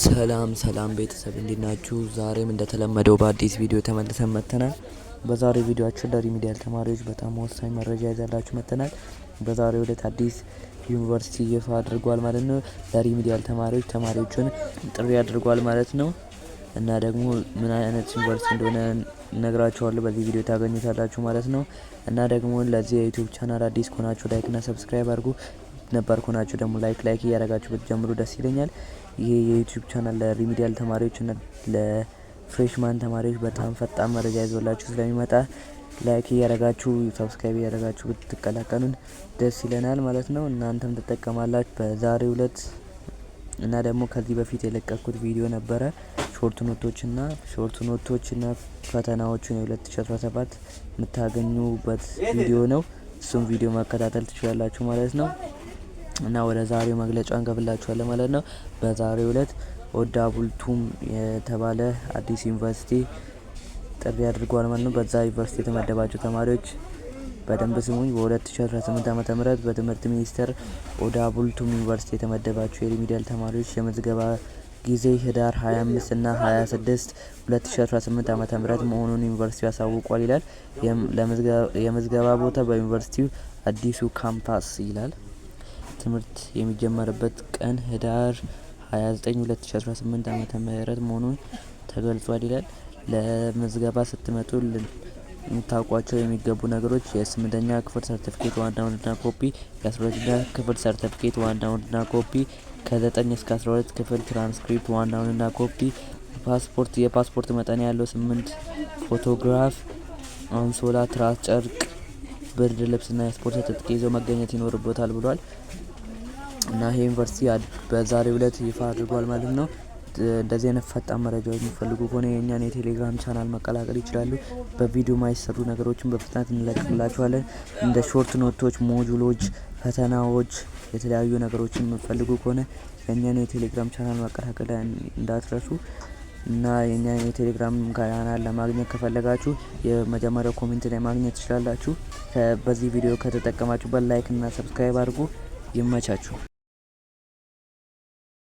ሰላም ሰላም ቤተሰብ እንዴት ናችሁ? ዛሬም እንደተለመደው በአዲስ ቪዲዮ ተመልሰን መጥተናል። በዛሬው ቪዲዮአችን ለሪሚዲያል ተማሪዎች በጣም ወሳኝ መረጃ ይዘላችሁ መጥተናል። በዛሬው ዕለት አዲስ ዩኒቨርሲቲ ይፋ አድርጓል ማለት ነው። ለሪሚዲያል ተማሪዎች ተማሪዎችን ጥሪ አድርጓል ማለት ነው እና ደግሞ ምን አይነት ዩኒቨርሲቲ እንደሆነ ነግራችኋለሁ። በዚህ ቪዲዮ ታገኙታላችሁ ማለት ነው። እና ደግሞ ለዚህ የዩቲዩብ ቻናል አዲስ ከሆናችሁ ላይክ እና ሰብስክራይብ አድርጉ። ነባር ከሆናችሁ ደግሞ ላይክ ላይክ እያደረጋችሁ ብትጀምሩ ደስ ይለኛል። ይሄ የዩቲዩብ ቻናል ለሪሚዲያል ተማሪዎችና ለፍሬሽማን ተማሪዎች በጣም ፈጣን መረጃ ይዞላችሁ ስለሚመጣ ላይክ እያደረጋችሁ ሰብስክራይብ እያደረጋችሁ ብትቀላቀሉን ደስ ይለናል ማለት ነው። እናንተም ትጠቀማላችሁ። በዛሬው ዕለት እና ደግሞ ከዚህ በፊት የለቀኩት ቪዲዮ ነበረ ሾርት ኖቶችና ሾርት ኖቶችና ፈተናዎቹን የ2017 የምታገኙበት ቪዲዮ ነው። እሱም ቪዲዮ መከታተል ትችላላችሁ ማለት ነው። እና ወደ ዛሬው መግለጫ እንገብላችኋለን ማለት ነው። በዛሬው ዕለት ኦዳ ቡልቱም የተባለ አዲስ ዩኒቨርሲቲ ጥሪ አድርጓል ማለት ነው። በዛ ዩኒቨርሲቲ የተመደባቸው ተማሪዎች በደንብ ስሙኝ። በ2018 ዓ ም በትምህርት ሚኒስቴር ኦዳ ቡልቱም ዩኒቨርሲቲ የተመደባቸው የሪሚዲያል ተማሪዎች የምዝገባ ጊዜ ህዳር 25 እና 26 2018 ዓ ም መሆኑን ዩኒቨርሲቲው ያሳውቋል ይላል። የምዝገባ ቦታ በዩኒቨርሲቲው አዲሱ ካምፓስ ይላል። ትምህርት የሚጀመርበት ቀን ህዳር 29 2018 ዓ ም መሆኑን ተገልጿል ይላል። ለምዝገባ ስትመጡ ልታውቋቸው የሚገቡ ነገሮች የስምንተኛ ክፍል ሰርቲፊኬት ዋና ወንድና ኮፒ፣ የአስራሁለተኛ ክፍል ሰርቲፊኬት ዋና ወንድና ኮፒ፣ ከ9 እስከ 12 ክፍል ትራንስክሪፕት ዋና ወንድና ኮፒ፣ ፓስፖርት የፓስፖርት መጠን ያለው ስምንት ፎቶግራፍ፣ አንሶላ፣ ትራስ፣ ጨርቅ፣ ብርድ ልብስና የስፖርት ትጥቅ ይዘው መገኘት ይኖርበታል ብሏል። እና ይሄ ዩኒቨርሲቲ በዛሬው ዕለት ይፋ አድርጓል ማለት ነው። እንደዚህ አይነት ፈጣን መረጃዎች የሚፈልጉ ከሆነ የእኛን የቴሌግራም ቻናል መቀላቀል ይችላሉ። በቪዲዮ ማይሰሩ ነገሮችን በፍጥነት እንለቅላችኋለን። እንደ ሾርት ኖቶች፣ ሞጁሎች፣ ፈተናዎች፣ የተለያዩ ነገሮችን የሚፈልጉ ከሆነ የእኛን የቴሌግራም ቻናል መቀላቀል እንዳትረሱ እና የእኛን የቴሌግራም ቻናል ለማግኘት ከፈለጋችሁ የመጀመሪያው ኮሜንት ላይ ማግኘት ትችላላችሁ። በዚህ ቪዲዮ ከተጠቀማችሁበት ላይክ እና ሰብስክራይብ አድርጉ። ይመቻችሁ።